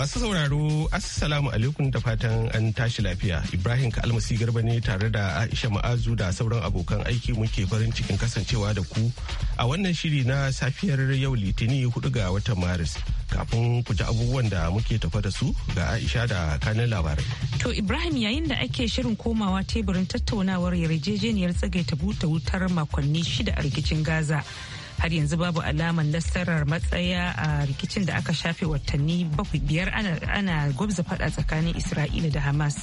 Masu sauraro, Assalamu alaikum da fatan an tashi lafiya. Ibrahim Kalmasi Garba ne tare da Aisha Ma'azu da sauran abokan aiki muke farin cikin kasancewa da ku a wannan shiri na safiyar yau Litini hudu ga watan Maris. Kafin ku ji abubuwan da muke tafa da su ga Aisha da kanin labarai. To Ibrahim yayin da ake shirin komawa teburin tattaunawar yarjejeniyar tsagaita buta wutar makonni shida a rikicin Gaza. har yanzu babu alamar nasarar matsaya a rikicin da aka shafe watanni bakwai biyar ana gwabza fada tsakanin isra'ila da hamas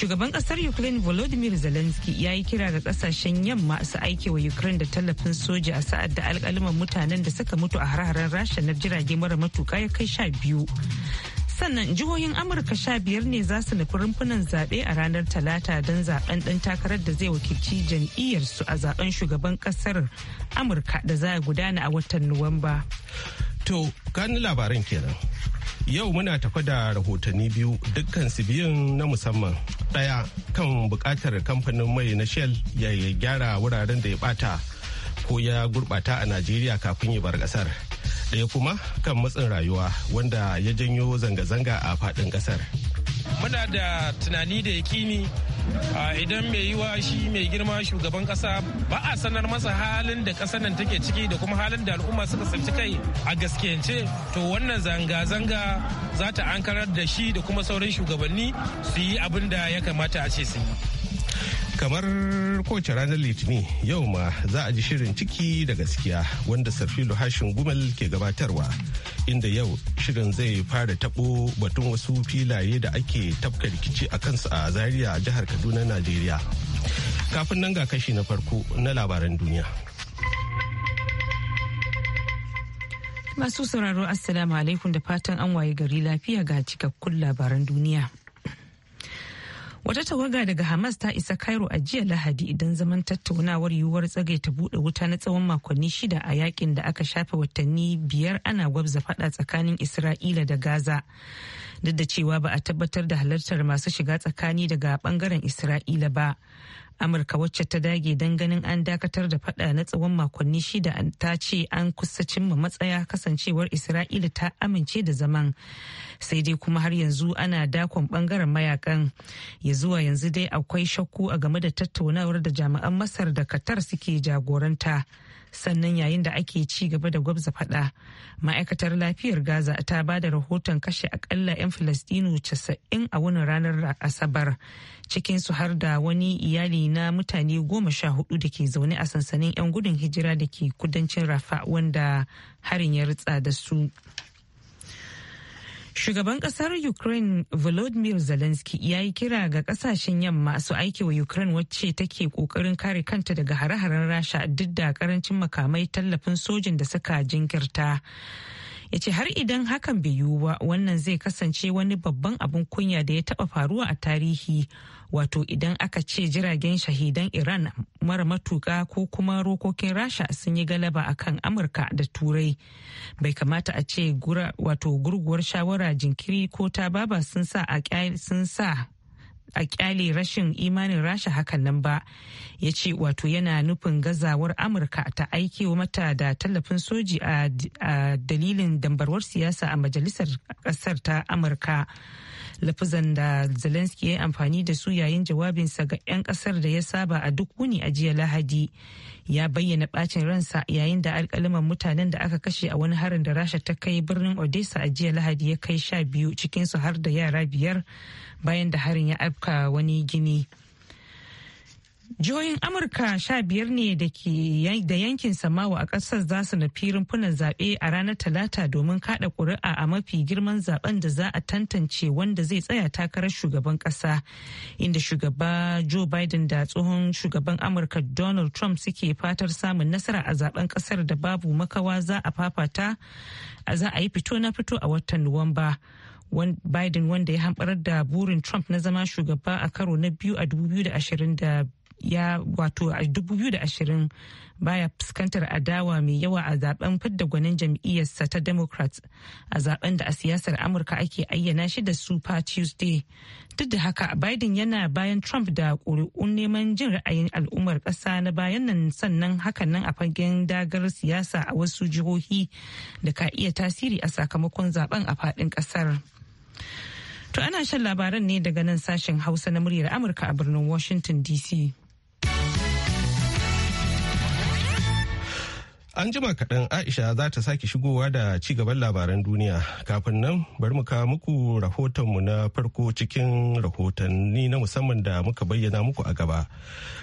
shugaban kasar ukraine volodymyr zelensky ya yi kira ga kasashen yamma su aike wa ukraine da tallafin soja a sa'ad da alkalaman mutanen da suka mutu a har-haren rasha na jirage mara matuka ya kai sha biyu sannan jihohin amurka sha biyar ne za su nufi rumfunan zaɓe a ranar talata don zaben ɗan takarar da zai wakilci jam'iyyarsu a zaben shugaban ƙasar amurka da za a gudana a watan nuwamba to gani labaran kenan yau muna tafa da rahotanni biyu dukkan su biyun na musamman ɗaya kan buƙatar kamfanin mai na shell ya gyara wuraren da ya bata ko ya gurɓata a najeriya kafin ya bar ƙasar ɗaya kuma kan matsin rayuwa wanda ya janyo zanga-zanga a faɗin ƙasar. Muna da tunani da yakini idan mai yiwa shi mai girma shugaban ƙasa ba a sanar masa halin da ƙasar nan take ciki da kuma halin da al'umma suka tsinci kai a gaskiyance to wannan zanga-zanga za ta ankarar da shi da kuma sauran shugabanni su yi abin da ya kamata a ce su yi. kamar kowace ranar litinin yau ma za a ji shirin ciki da gaskiya wanda sarfilo hashin gumel ke gabatarwa inda yau shirin zai fara tabo batun wasu filaye da ake tafka rikici a kansu a zaria jihar kaduna najeriya kafin nan ga kashi na farko na labaran duniya masu sauraro assalamu alaikum da fatan an waye gari lafiya ga cikakkun labaran duniya Wata tawaga daga Hamas ta isa Cairo a jiya Lahadi idan zaman tattaunawar yiwuwar tsagai ta buɗe wuta na tsawon makonni shida a yakin da aka shafe watanni biyar ana gwabza faɗa tsakanin Isra'ila da Gaza. duk da cewa ba a tabbatar da halartar masu shiga tsakani daga bangaren isra'ila ba amurka wacce ta dage don ganin an dakatar da fada na tsawon makonni shida ta ce an kusa cimma matsaya kasancewar isra'ila ta amince da zaman sai dai kuma har yanzu ana dakon bangaren mayakan ya zuwa yanzu dai akwai shakku a game da tattaunawar da jami'an masar da qatar suke jagoranta sannan yayin da ake ci gaba da gwabza fada ma'aikatar lafiyar gaza ta ba da rahoton kashe akalla 'yan filistinu 90 a wani ranar asabar cikin su har da wani iyali na mutane goma sha hudu da ke zaune a sansanin 'yan gudun hijira da ke kudancin rafa wanda harin ya ritsa da su Shugaban kasar Ukraine Volodymyr Zelensky ya yi kira ga kasashen yamma su aiki wa Ukraine wacce take kokarin kare kanta daga hare-haren Rasha duk da karancin makamai tallafin sojin da suka jinkirta. ya ce har idan hakan bai yiwu ba wannan zai kasance wani babban abin kunya da ya taba faruwa a tarihi wato idan aka ce jiragen shahidan iran mara matuka ko kuma rokokin rasha sun yi galaba akan amurka da turai bai kamata a ce wato gurguwar shawara jinkiri ko ta baba sun sa a kyale rashin imanin rasha hakan nan ba ya ce wato yana nufin gazawar amurka ta aiki mata da tallafin soji a dalilin dambarwar siyasa a majalisar kasar ta amurka lafazan da zelensky ya amfani da su yayin jawabinsa ga 'yan kasar da ya saba a duk wuni a jiya lahadi ya bayyana bacin ransa yayin da alkalaman mutanen da aka kashe a wani harin da rasha ta kai birnin odessa a jiya lahadi ya kai sha biyu cikinsu har da yara biyar bayan da harin ya afka wani gini. Jihohin Amurka sha biyar ne da ke da yankin Samawa a ƙasar za su nufi rumfunan zaɓe a ranar Talata domin kaɗa ƙuri'a a mafi girman zaɓen da za a tantance wanda zai tsaya takarar shugaban ƙasa. Inda shugaba Joe Biden da tsohon shugaban Amurka Donald Trump suke fatar samun nasara a zaɓen ƙasar da babu makawa za a fafata za a yi fito na fito a watan Nuwamba. Biden wanda ya hamɓarar da burin Trump na zama shugaba a karo na biyu a 2020 ya wato a 2020 baya fuskantar adawa mai yawa a zaben fidda gwanin jam'iyyarsa ta democrats a zaben da a siyasar amurka ake ayyana shi da super tuesday duk da haka biden yana bayan trump da ƙuri'un neman jin ra'ayin al'ummar ƙasa na bayan nan sannan hakan nan a fagen dagar siyasa a wasu jihohi da ka iya tasiri a sakamakon zaben a faɗin ƙasar. To ana shan labaran ne daga nan sashen Hausa na muryar Amurka a birnin Washington DC. An jima kaɗan Aisha za ta sake shigowa da ci gaban labaran duniya. Kafin nan bari mu kawo muku rahotonmu na farko cikin rahotanni na musamman da muka bayyana muku a gaba.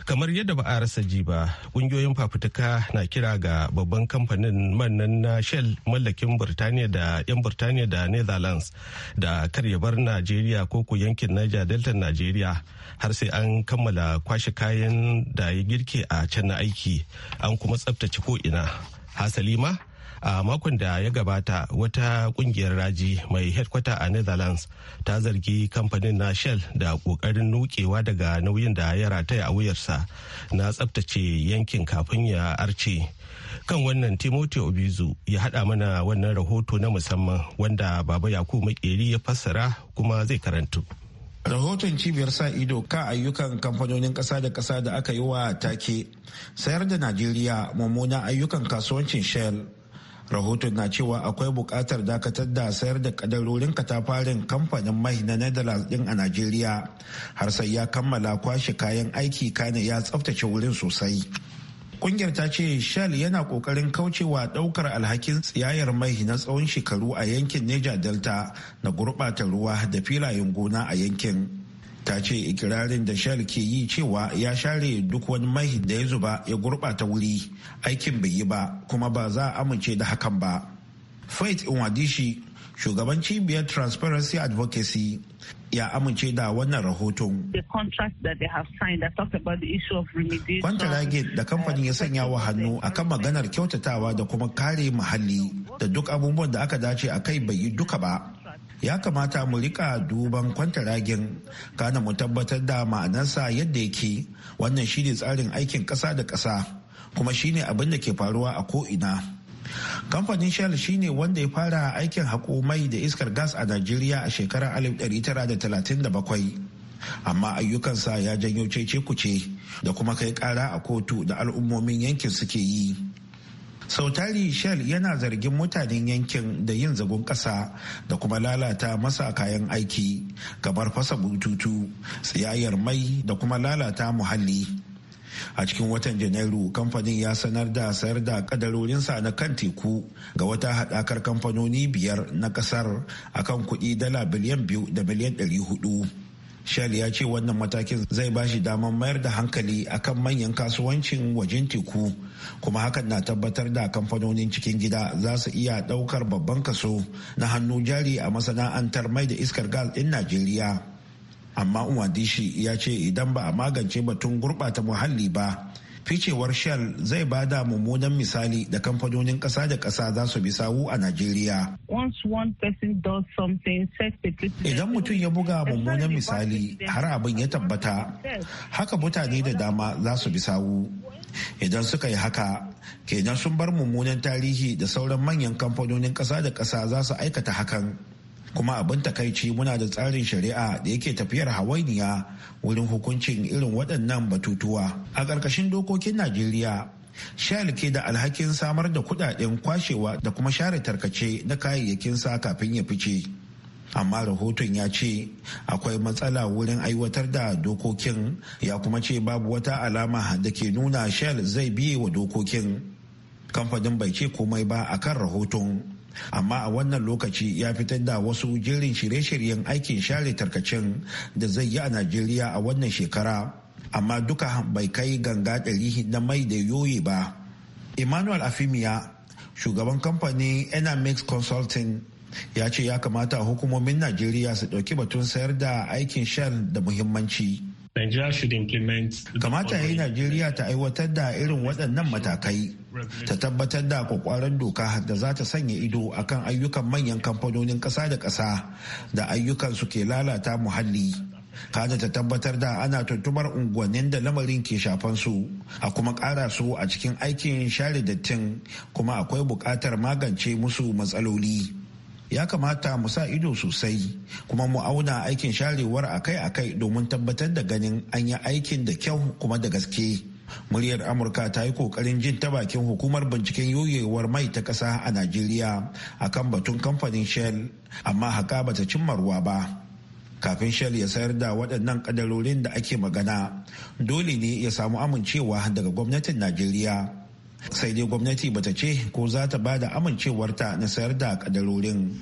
Kamar yadda ba a rasa ji ba, ƙungiyoyin fafutuka na kira ga babban kamfanin manan na Shell mallakin Birtaniya da 'yan Birtaniya da Netherlands da karya bar Najeriya ko ku yankin Niger Delta Najeriya har sai an kammala kwashe kayan da ya girke a can na aiki an kuma tsabtace ko ina. hasalima a makon da ya gabata wata kungiyar raji mai headquarter a netherlands ta zargi kamfanin na shell da kokarin nukewa daga nauyin da ya rataya a wuyarsa na tsabtace yankin kafin ya arce kan wannan timothy obizu ya hada mana wannan rahoto na musamman wanda baba yakubu makeri ya fassara kuma zai karantu. rahoton cibiyar sa ido ka ayyukan kamfanonin ƙasa da ƙasa da aka yi wa take sayar da najeriya mummuna ayyukan kasuwancin shell rahoton na cewa akwai buƙatar dakatar da sayar da kadarorin katafarin kamfanin mai na netherlands din a najeriya har sai ya kammala kwashe kayan aiki kane ya tsaftace wurin sosai kungiyar ta ce shell yana kokarin kaucewa daukar alhakin tsiyayar mai na tsawon shekaru a yankin niger delta na gurbata ruwa da filayen gona a yankin ta ce ikirarin da shell ke yi cewa ya share duk wani mai da ya zuba ya gurbata wuri aikin bai yi ba kuma ba za a amince da hakan ba faith in wadishi shugaban cibiyar transparency advocacy ya amince da wannan rahoton. Kwantaragin da kamfanin ya uh, sanya wa hannu akan maganar kyautatawa da kuma kare muhalli da duk abubuwan da aka dace a kai bai yi duka ba. Ya kamata mu rika duban ragin kana mu tabbatar da ma'anarsa yadda yake wannan ne tsarin aikin ƙasa da ƙasa kuma shine abin da ke faruwa a ko'ina. kamfanin shell shine wanda ya fara aikin haƙo mai da iskar gas a najeriya a shekarar 1937 amma ayyukansa ya janyo cece kuce da kuma kai kara a kotu da al'ummomin yankin suke yi sautari shell yana zargin mutanen yankin da yin zagon ƙasa da kuma lalata masa kayan aiki kamar fasa bututu tsayayyar mai da kuma lalata muhalli a cikin watan janairu kamfanin ya sanar da sayar da kadarorinsa na kan teku ga wata haɗakar kamfanoni biyar na ƙasar akan kuɗi dala biliyan biyu da miliyan ɗari hudu shell ya ce wannan matakin zai ba shi damar mayar da hankali akan manyan kasuwancin wajen teku kuma hakan na tabbatar da kamfanonin cikin gida za su iya ɗaukar babban kaso na hannu jari a masana'antar mai da iskar gas ɗin najeriya amma umadishi ya ce idan ba a magance batun gurɓata muhalli ba ficewar shell zai ba da mummunan misali da kamfanonin kasa da kasa za su bi sawu a najeriya idan mutum ya buga mummunan misali har abin ya tabbata haka mutane da dama za su bi sawu idan suka yi haka kenan sun bar mummunan tarihi da sauran manyan kamfanonin kasa da kasa za su aikata hakan kuma abin takaici muna da tsarin shari'a da yake tafiyar hawainiya wurin hukuncin irin waɗannan batutuwa a ƙarƙashin dokokin najeriya shell ke da alhakin samar da kuɗaɗen kwashewa da kuma share tarkace na kayayyakin sa kafin ya fice amma rahoton ya ce akwai matsala wurin aiwatar da dokokin ya kuma ce babu wata alama da ke nuna shell zai biye wa dokokin kamfanin bai ce komai ba akan rahoton amma a wannan lokaci ya fitar da wasu jirin shirye-shiryen aikin share tarkacen da zai yi a najeriya a wannan shekara amma duka bai kai ganga ɗari na mai da yoyi ba emmanuel afimiya shugaban kamfanin enamix consulting ya ce ya kamata hukumomin najeriya su ɗauki batun sayar da aikin share da muhimmanci. Kamata ya yi Najeriya ta aiwatar da irin waɗannan matakai ta tabbatar da kwakwaran doka da za ta sanya ido akan ayyukan manyan kamfanonin ƙasa da ƙasa da ayyukan su ke lalata muhalli. Kada ta tabbatar da ana tuntumar unguwannin da lamarin ke shafan su a kuma ƙara su a cikin aikin share dattin kuma akwai buƙatar magance musu matsaloli. ya kamata mu sa ido sosai kuma mu auna aikin sharewar akai-akai domin tabbatar da ganin an yi aikin da kyau kuma da gaske muryar amurka ta yi kokarin jin ta bakin hukumar binciken yoyewar mai ta ƙasa a najeriya akan batun kamfanin shell amma haka bata cimma ruwa ba kafin shell ya sayar da waɗannan kadarorin da ake magana dole ne ya samu amincewa daga gwamnatin najeriya sai dai gwamnati bata ce ko za ta ba da amincewarta na sayar da kadarorin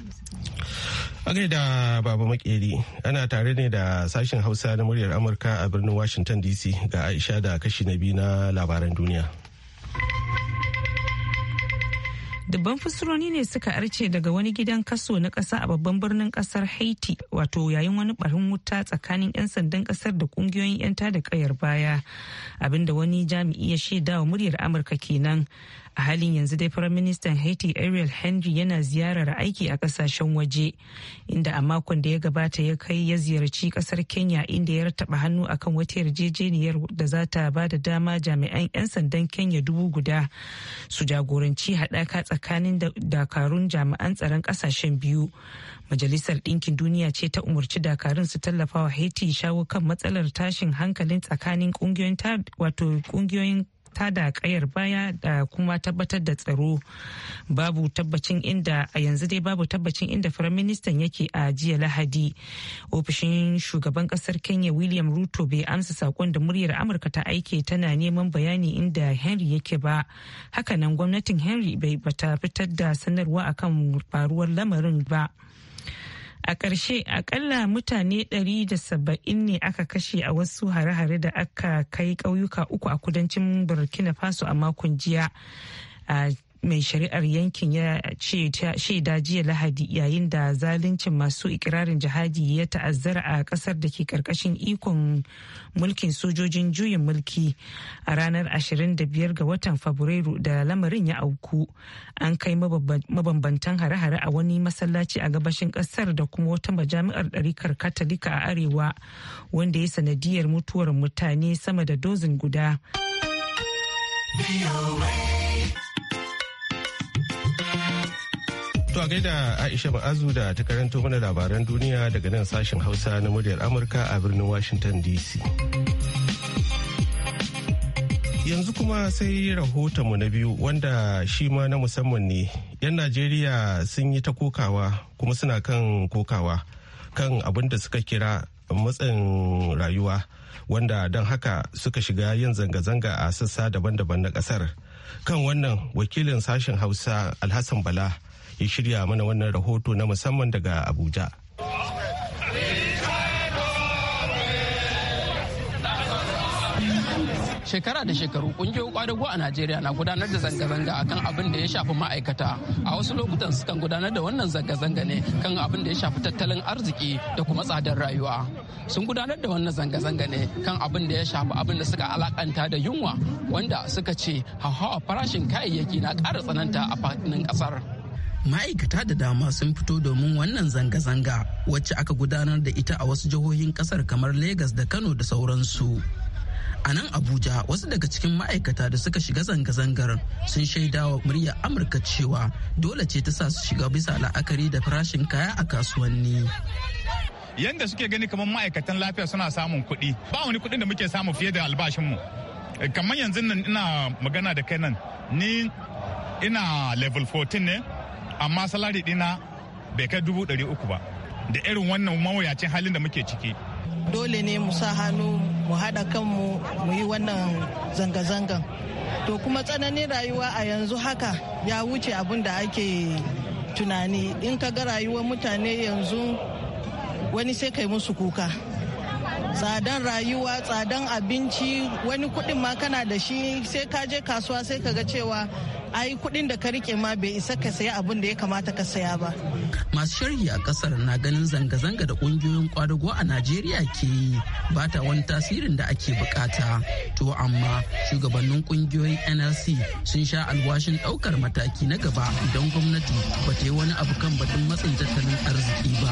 a da baba makeri ana tare ne da sashen hausa na muryar amurka a birnin washington dc ga aisha da kashi na biyu na labaran duniya dubban fusuroni ne suka arce daga wani gidan kaso na kasa a babban birnin ƙasar haiti wato yayin wani barin wuta tsakanin 'yan sandan ƙasar da kungiyoyin 'yan tada kayar baya abinda wani jami'i ya shaidawa muryar amurka kenan a halin yanzu dai firaministan haiti ariel henry yana ziyarar aiki a kasashen waje inda a makon da ya gabata ya kai ya ziyarci kasar kenya inda ya taba hannu akan wata yarjejeniyar da za ta ba da dama jami'an 'yan sandan kenya dubu guda su jagoranci haɗaka tsakanin dakarun jami'an tsaron kasashen biyu majalisar ɗinkin duniya ce ta umarci dakarun su tallafa wa haiti shawo kan matsalar tashin hankalin tsakanin ƙungiyoyin ta da kayar baya da kuma tabbatar da tsaro babu tabbacin inda a yanzu dai babu tabbacin inda firaministan yake a jiya lahadi ofishin shugaban kasar kenya william ruto bai amsa sakon da muryar amurka ta aike tana neman bayani inda henry yake ba hakanan gwamnatin henry bai bata fitar da sanarwa akan faruwar lamarin ba. a ƙarshe akalla mutane 170 ne aka kashe a wasu hare-hare da aka kai ƙauyuka uku a kudancin burkina faso a makon jiya a mai shari'ar yankin ya shaida jiya lahadi yayin da zaluncin masu ikirarin jihadi ya ta'azzara a kasar da ke karkashin ikon mulkin sojojin juyin mulki a ranar 25 ga watan fabrairu da lamarin ya auku an kai mabambantan hare-hare a wani masallaci a gabashin kasar da kuma wata majami'ar ɗarikar katolika a arewa wanda ya sanadiyar mutuwar mutane sama da dozin guda. To a gaida Aisha Ma'azu da ta karanto mana labaran duniya daga nan sashen Hausa na muryar Amurka a birnin Washington DC. Yanzu kuma sai rahotonmu na biyu wanda shi ma na musamman ne. 'Yan Najeriya sun yi ta kokawa kuma suna kan kokawa kan abin da suka kira matsin rayuwa wanda don haka suka shiga yin zanga-zanga a sassa daban-daban na kasar. Kan wannan wakilin sashen Hausa Alhassan Bala. ya shirya mana wannan rahoto na musamman daga Abuja. shekara da shekaru kungiyoyin kwadago a najeriya na gudanar da zanga-zanga akan abin da ya shafi ma'aikata a wasu lokutan sukan gudanar da wannan zanga-zanga ne kan abin da ya shafi tattalin arziki da kuma tsadar rayuwa sun gudanar da wannan zanga-zanga ne kan abin da ya shafi abin da suka alakanta da yunwa wanda suka ce hauhawa farashin kayayyaki na ƙara tsananta a fadin ƙasar ma'aikata da dama sun fito domin wannan zanga-zanga wacce aka gudanar da ita a wasu jihohin kasar kamar Legas da Kano da sauransu. A nan Abuja wasu daga cikin ma'aikata da suka shiga zanga-zangar sun shaidawa murya Amurka cewa dole ce ta sa su shiga bisa la'akari da farashin kaya a kasuwanni. Yanda suke gani kamar ma'aikatan lafiya suna samun kuɗi ba wani kuɗin da muke samu fiye da albashinmu. Kamar yanzu nan ina magana da kai nan ni ina level 14 ne amma salari dina bai kai dubu ɗari uku ba da irin wannan mawuyacin halin da muke ciki dole ne mu sa hannu mu haɗa kanmu mu yi wannan zanga-zangan to kuma tsananin rayuwa a yanzu haka ya wuce abin da ake tunani in ka ga rayuwar mutane yanzu wani sai kai musu kuka tsadan rayuwa tsadan abinci wani kuɗin ma kana da shi sai ka je kasuwa sai ka ga cewa ai kuɗin da ka rike ma bai isa ka saya abin da ya kamata ka saya ba. Masu sharhi a kasar na ganin zanga-zanga da ƙungiyoyin kwadago a Najeriya ke ba ta wani tasirin da ake bukata. To amma shugabannin ƙungiyoyin NLC sun sha alwashin ɗaukar mataki na gaba idan gwamnati ba ta yi wani abu kan batun matsin tattalin arziki ba.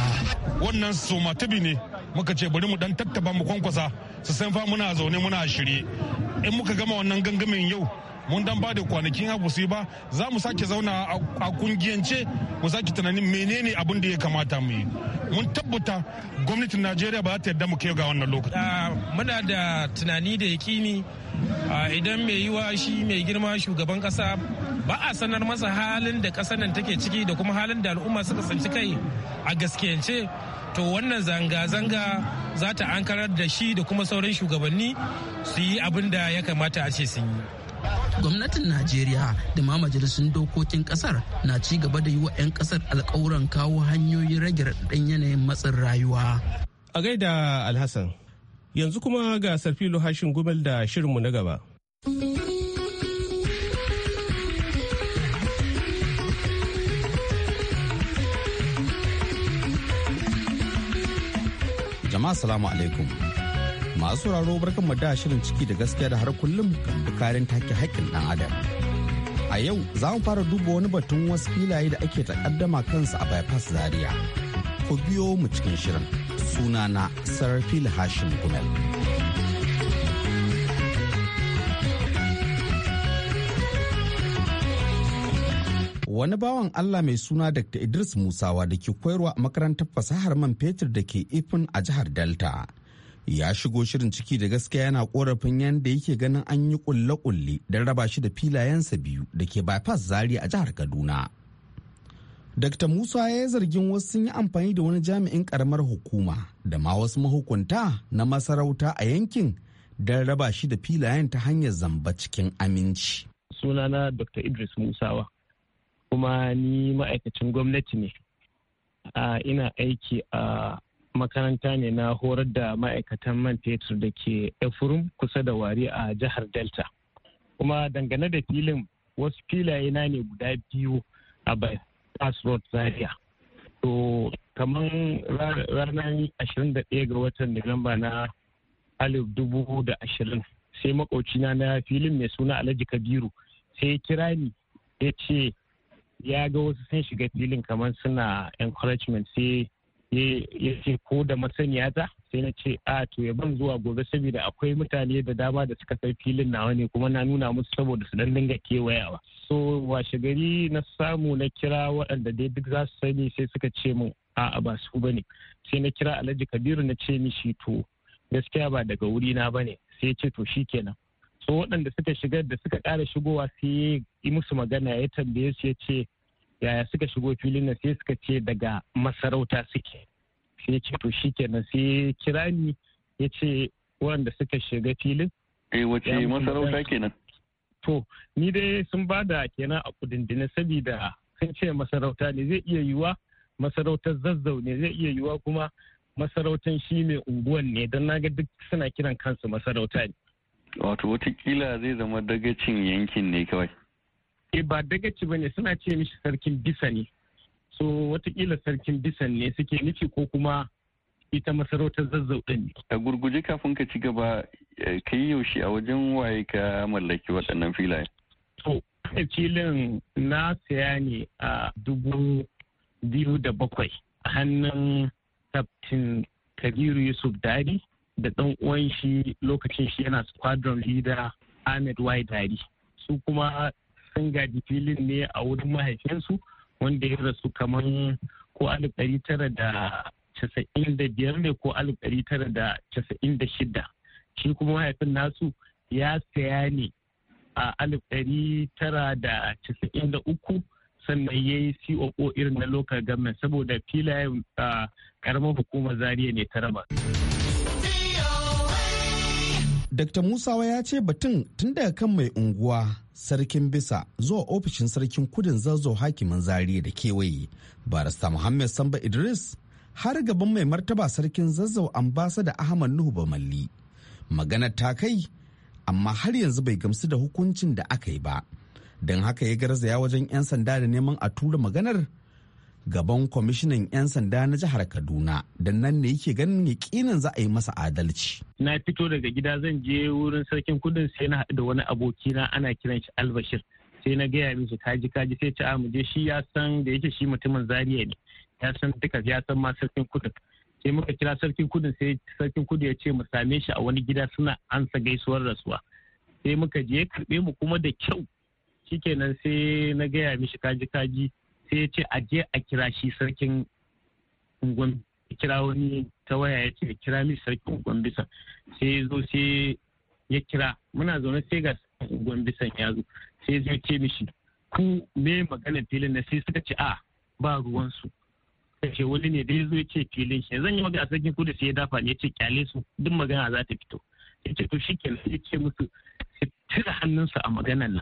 Wannan somatabi ne muka ce bari mu dan tattaba mu kwankwasa su san fa muna zaune muna shirye. In muka gama wannan gangamin yau mun dan ba da kwanakin haku su ba za mu sake zauna a kungiyance mu sake tunanin menene abin da ya kamata mu yi mun tabbata gwamnatin najeriya ba za ta yarda mu kai ga wannan lokaci ah, muna da tunani da yakini ah, idan mai yiwa shi mai girma shugaban kasa ba a sanar masa halin da kasar nan take ciki da kuma halin da al'umma suka sanci kai a gaskiyance to wannan zanga-zanga za ta ankarar da shi da kuma sauran shugabanni su yi abin da ya kamata a ce sun yi gwamnatin najeriya da ma majalisun dokokin kasar na ci gaba da yi wa 'yan kasar alkawuran kawo hanyoyin rage raɗaɗin yanayin matsin rayuwa a gaida alhassan yanzu kuma ga sarfilo hashin gumel da shirinmu na gaba jama'a salamu alaikum masu sauraro barkan mu da shirin ciki da gaskiya da har kullum karin take haƙƙin ɗan adam a yau za mu fara duba wani batun wasu filaye da ake takaddama kansu a bypass zaria ku biyo mu cikin shirin sunana sarfil hashim gumel wani bawan Allah mai suna Dr. Idris Musawa da ke koyarwa a makarantar fasahar man fetur da ke Ifin a jihar Delta ya shigo shirin ciki da gaskiya yana korafin yadda yake ganin an yi kulle-kulle don raba shi da filayensa biyu da ke bypass zari a jihar kaduna dr musa ya yi zargin wasu sun yi amfani da wani jami'in karamar hukuma da ma wasu mahukunta na masarauta a yankin don raba shi da filayen ta hanyar zamba cikin aminci sunana dr idris musawa kuma ni ma'aikacin gwamnati ne ah, ina aiki a makaranta ne na horar da ma'aikatan man fetur da ke efurum kusa da wari a jihar delta kuma dangane da filin wasu filaye na ne guda biyu a bypass road zaria to kamar ranar 21 ga watan nuwamba na alif dubu da ashirin sai makocina na filin mai suna alhaji kabiru sai kira ni ya ce ya ga wasu sun shiga filin kamar suna encouragement sai ya ce ko da masaniya ta sai na ce a to ya ban zuwa gobe saboda akwai mutane da dama da suka san filin nawa ne kuma na nuna musu saboda su dan dinga kewayawa so washe gari na samu na kira waɗanda dai duk za su sani sai suka ce mu a'a ba su bane sai na kira Alhaji Kabiru na ce mishi to gaskiya ba daga wuri na bane sai ce to shikenan so waɗanda suka shigar da suka ƙara shigowa sai ya yi musu magana ya tambaye su ya ce yaya suka shigo filin na sai suka ce daga masarauta suke sai ya ce to shi kenan sai kira ni ya ce wanda suka shiga filin eh wace masarauta kenan to ni dai sun ba da kenan a kudindina saboda sun ce masarauta ne zai iya yiwa masarautar zazzau ne zai iya yiwa kuma masarautar shi mai unguwan ne don naga duk suna kiran kansu masarauta ne wato watakila zai zama dagacin yankin ne kawai E ba dagaci ba ne suna ce mishi sarkin bisa ne so watakila sarkin bisa ne suke nufi ko kuma ita masarautar zazzau ɗin ne. a gurguje kafin ka ci gaba eh, ka yi yaushe a wajen waye ka mallaki waɗannan filaye. to filin na saya ne a dubu biyu da bakwai hannun captain kabiru yusuf dadi da ɗan uwan shi lokacin shi yana squadron leader ahmed y dadi su kuma sun gaji filin ne a wurin mahaifinsu wanda ya rasu kamar ko alif ɗari tara da casa'in da biyar ne ko alif ɗari tara da casa'in da shida shi kuma mahaifin nasu ya saya ne a alif ɗari tara da casa'in da uku sannan ya yi coo irin na local government saboda filayen karamar hukumar zariya ne ta raba. Dr. Musawa ya ce batun tun daga kan mai unguwa sarkin bisa zuwa ofishin sarkin kudin zazzau hakimin zariya da kewaye barista Muhammad Samba Idris har gaban mai martaba sarkin zazzau da Ahmad Nuhu Bamalli. Maganar ta kai amma har yanzu bai gamsu da hukuncin da aka yi ba. Don haka ya garzaya wajen 'yan sanda da neman a tura maganar gaban kwamishinan 'yan sanda na jihar kaduna da nan ne yake ganin yakinin za a yi masa adalci na fito daga gida zan je wurin sarkin kudin sai na haɗu da wani abokina ana kiran shi albashir sai na gaya su kaji kaji sai ce mu je shi ya san da yake shi mutumin zaria ne ya san duka ya san ma sarkin kudin sai muka kira sarkin kudin sai sarkin kudu ya ce mu same shi a wani gida suna ansa gaisuwar rasuwa sai muka je karbe mu kuma da kyau shi shikenan sai na gaya mishi kaji kaji sai ya ce a je a kira shi sarkin unguwan kira wani ta waya ya ce kira mi sarkin unguwan bisa sai ya zo sai ya kira muna zaune sai ga unguwan bisa ya zo sai ya zo ce mishi ku me magana filin na sai suka ce a ba ruwansu ce wani ne dai zo ce filin shi zan yi magana sarkin kudu sai ya dafa ne ya ce kyale su duk magana za ta fito ya ce to shi shikenan ya ce musu tira hannunsa a maganar nan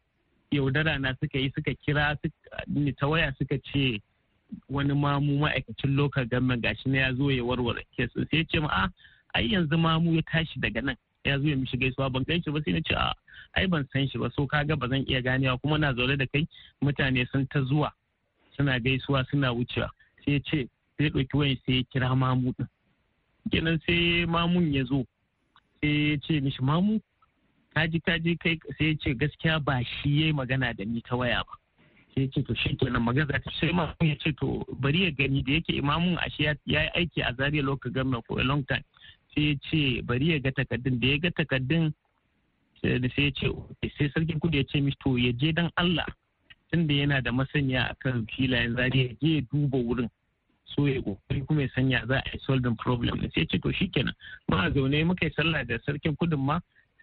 yaudara na suka yi suka kira ni ta waya suka ce wani mamu ma'aikacin local government gashi na ya zo ya warware kesu sai ya ce ma ah, ai yanzu mamu ya tashi daga nan ya zo ya mishi gaisuwa ban gan shi ba sai na ce a ah, ai ban san shi ba so ga ba zan iya ganewa kuma na zaune da kai mutane sun ta zuwa suna gaisuwa suna wucewa sai ya ce sai ɗauki wayan sai ya kira mamu din kenan sai mamun ya zo sai ya ce mishi mamu ta je kai sai ya ce gaskiya ba shi ya yi magana da ni ta waya ba sai ya ce to shi nan magana za ta sai ma ya ce to bari ya gani da yake imamun ashe ya yi aiki a zariya loka gama ko a long time sai ya ce bari ya ga takardun da ya ga takardun sai ya ce sai sarkin kudu ya ce mishi to ya je dan Allah tunda yana da masaniya akan filayen zariya ya je ya duba wurin so ya kokari kuma ya sanya za a yi solving problem sai ya ce to shi nan ma zaune muka yi sallah da sarkin kudin ma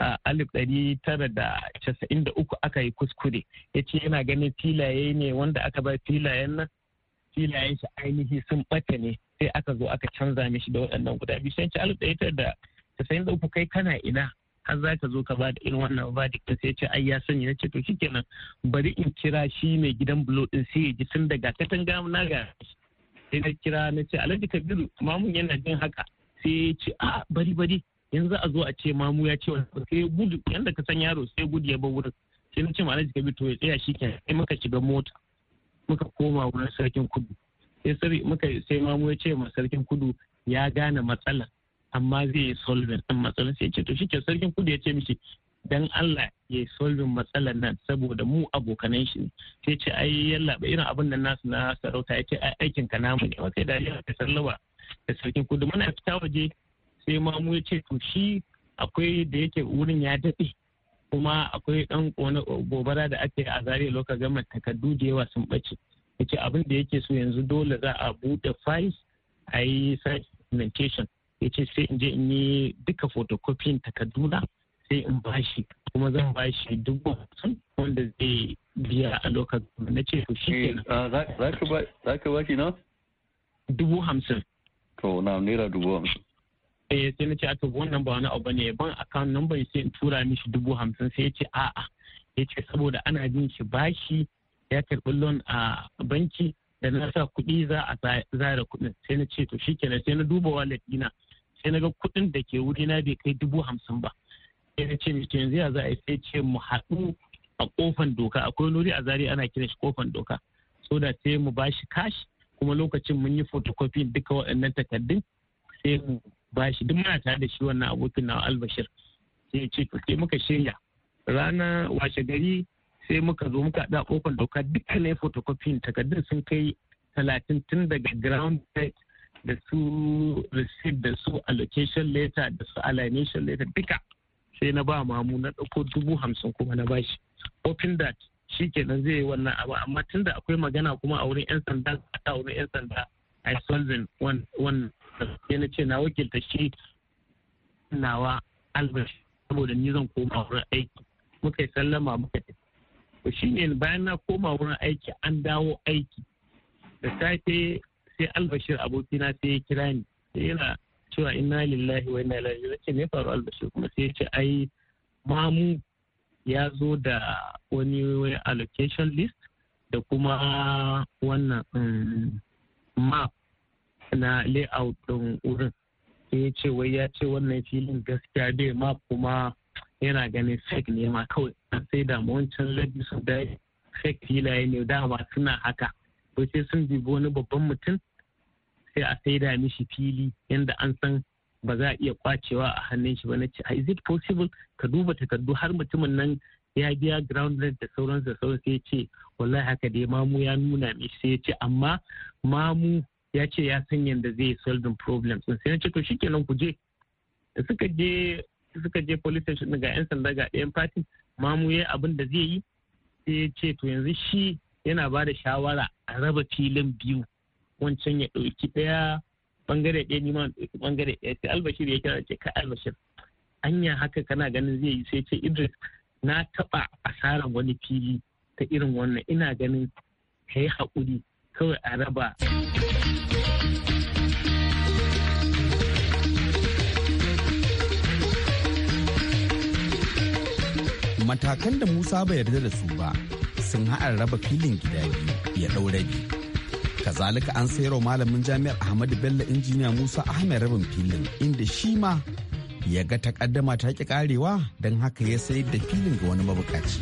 alif ɗari tara da casa'in uku aka yi kuskure ya ce yana ganin filaye ne wanda aka bar filayen nan filayen shi ainihi sun ɓata ne sai aka zo aka canza mishi da waɗannan guda biyu sai alif ɗari tara da uku kai kana ina har za ka zo ka ba da irin wannan verdict sai ce ai ya sani ya ce to shikenan bari in kira shi mai gidan bulo din sai ya ji tun daga katanga na ga sai na kira na ce alhaji kabiru mamun yana jin haka sai ya ce a bari bari yanzu a zo a ce mamu ya ce wani sai gudu yanda ka san yaro sai gudu ya bar wurin sai na ce ma alhaji kabi to ya tsaya shi ke sai muka shiga mota muka koma wurin sarkin kudu sai sai muka sai mamu ya ce ma sarkin kudu ya gane matsala amma zai yi solving din matsalar sai ce to shi ke sarkin kudu ya ce mishi dan Allah ya yi solving matsalar nan saboda mu abokanan shi ne sai ce ai yalla ba irin abin da nasu na sarauta ya ce aikin ka namu ne wa sai da ya sallawa da sarkin kudu muna fita waje sai mamu ya ce to shi akwai da yake wurin ya daɗe kuma akwai ɗan gobara da ake a zare lokacin gama takardu da yawa sun ɓace yace abin da yake so yanzu dole za a buɗe files a yi documentation yace sai in je in yi duka photocopying na sai in bashi kuma zan bashi dubu hamsin wanda zai biya a lokacin na ce to shi eh, kenan ah, za ka bashi na dubu hamsin to na naira dubu hamsin eh sai na ce aka wannan ba wani abu ne ban account number sai in tura mishi dubu hamsin sai ya ce a'a ya ce saboda ana bin shi bashi ya karɓi loan a banki da na sa kuɗi za a zara kuɗin sai na ce to shikenan sai na duba wallet dina sai na ga kuɗin da ke wuri na bai kai dubu hamsin ba sai na ce mishi yanzu ya za a sai ce mu haɗu a kofan doka akwai nuri a zari ana kiran shi kofan doka so da sai mu bashi cash kuma lokacin mun yi photocopy duka waɗannan takardun sai mu bashi duk muna tare da shi wannan abokin na albashir sai ya ce to sai muka shirya rana washe gari sai muka zo muka da kofar dauka dukkanin photocopying takardun sun kai talatin tun daga ground set da su receipt da su allocation letter da su alienation letter duka sai na ba mamu na dauko dubu hamsin kuma na bashi hoping that shi kenan zai yi wannan abu amma tun da akwai magana kuma a wurin yan sanda a wurin yan sanda i solving one sai na ce na wakilta shi nawa albert saboda ni zan koma wurin aiki muka yi sallama muka yi. to ne bayan na koma wurin aiki an dawo aiki da safe sai albashir abokina sai ya kira ni sai yana cewa inna lillahi wa inna ilaihi ce me faru albashir kuma sai ya ce ai mamu ya zo da wani allocation list da kuma wannan mm, map na layout ɗin wurin sai ya ce wai ya ce wannan filin gaskiya bai ma kuma yana ganin fake ne ma kawai sai da wancan su da fake filaye ne dama suna haka to sai sun dubi wani babban mutum sai a sai da mishi fili yadda an san ba za a iya kwacewa a hannun shi ba na ce is it possible ka duba takardu har mutumin nan ya biya ground rent da sauransu da sauransu sai ya ce wallahi haka dai mamu ya nuna mishi sai ya ce amma mamu ya ce ya san yadda zai solving problems sai na ce to shikenan ku je da suka je suka je police station ga yan sanda ga ɗayan ma mamu ya abin da zai yi sai ya ce to yanzu shi yana ba da shawara a raba filin biyu wancan ya ɗauki ɗaya bangare ɗaya ni ma bangare ɗaya sai albashir ya kira ce ka albashir anya haka kana ganin zai yi sai ce idris na taɓa asarar wani fili ta irin wannan ina ganin ka yi haƙuri kawai a raba. matakan da musa bai yarda da su ba sun haɗa raba filin gida biyu ya ɗau rabi kazalika an sayarwa malamin jami'ar ahmadu bello injiniya musa ahmed rabin filin inda shi ma ya ga takaddama ta ki karewa don haka ya sayar da filin ga wani mabukaci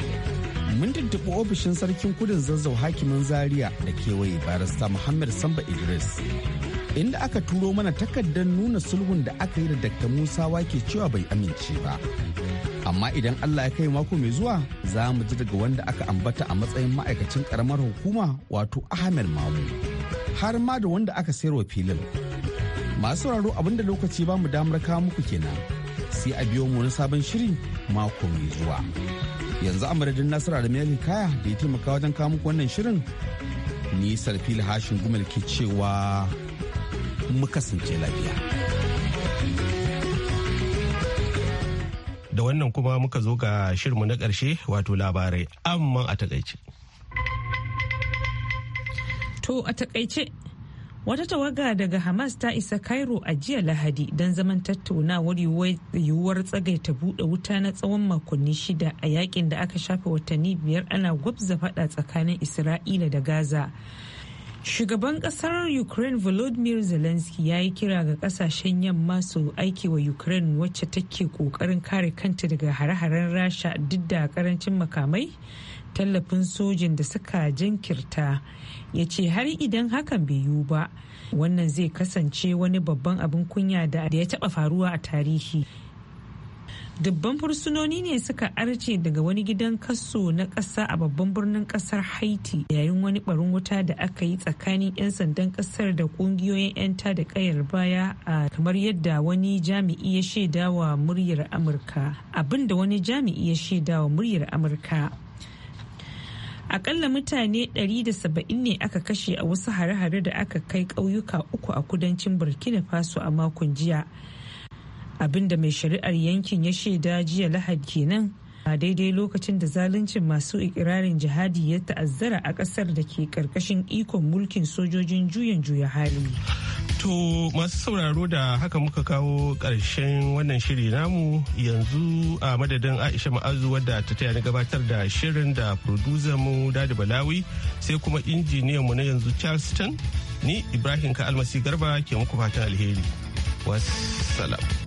mun tuntuɓi ofishin sarkin kudin zazzau hakimin zaria da kewaye barista muhammad samba idris inda aka turo mana takardar nuna sulhun da aka yi da Dr. Musa wake cewa bai amince ba. amma idan allah ya kai mako mai zuwa za mu ji daga wanda aka ambata a matsayin ma'aikacin karamar hukuma wato ahmed mamu har ma da wanda aka sayar wa filin masu sauraro abinda lokaci ba mu damar kawo muku kenan sai a biyo mu wani sabon shiri mako mai zuwa yanzu a madadin nasara da mai kaya da ya taimaka wajen kawo muku wannan shirin ni sarfil hashin gumel ke cewa mu kasance lafiya. da wannan kuma muka zo ga shirmu na ƙarshe wato labarai amma a takaice. To a takaice wata tawaga daga Hamas ta isa Cairo a jiya Lahadi don zaman tattaunawar yiwuwar tsagaita buɗe wuta na tsawon makonni shida a yakin da aka shafe watanni biyar ana gwabza faɗa tsakanin Isra'ila da Gaza. Shugaban kasar Ukraine Volodymyr Zelensky ya yi kira ga kasashen yamma su aiki wa Ukraine wacce take kokarin kare kanta daga hare-haren Rasha duk da karancin makamai tallafin sojin da suka jinkirta ya ce har idan hakan bai yiwu ba wannan zai kasance wani babban abin kunya da ya taba faruwa a tarihi. dubban fursunoni ne suka arce daga wani gidan kaso na ƙasa a babban birnin ƙasar haiti yayin wani barin wuta da aka yi tsakanin 'yan sandan ƙasar da ƙungiyoyin 'yan ta da ƙayar baya a kamar yadda wani jami'i ya shaidawa muryar amurka abinda wani jami'i ya shaidawa muryar amurka akalla mutane 170 ne aka kashe a wasu hare-hare da aka kai ƙauyuka uku a kudancin burkina faso a makon jiya abinda mai shari'ar yankin ya shaida jiya lahad kenan a daidai lokacin da zaluncin masu ikirarin jihadi ya ta'azzara a kasar da ke karkashin ikon mulkin sojojin juyan juya hali. To masu sauraro da haka muka kawo karshen wannan shiri namu yanzu a madadin Aisha Ma'azu wadda ta taya ni gabatar da shirin da producer mu Dadi Balawi sai kuma injiniyanmu na yanzu Charleston ni Ibrahim Ka Almasi Garba ke muku fatan alheri. Wassalam.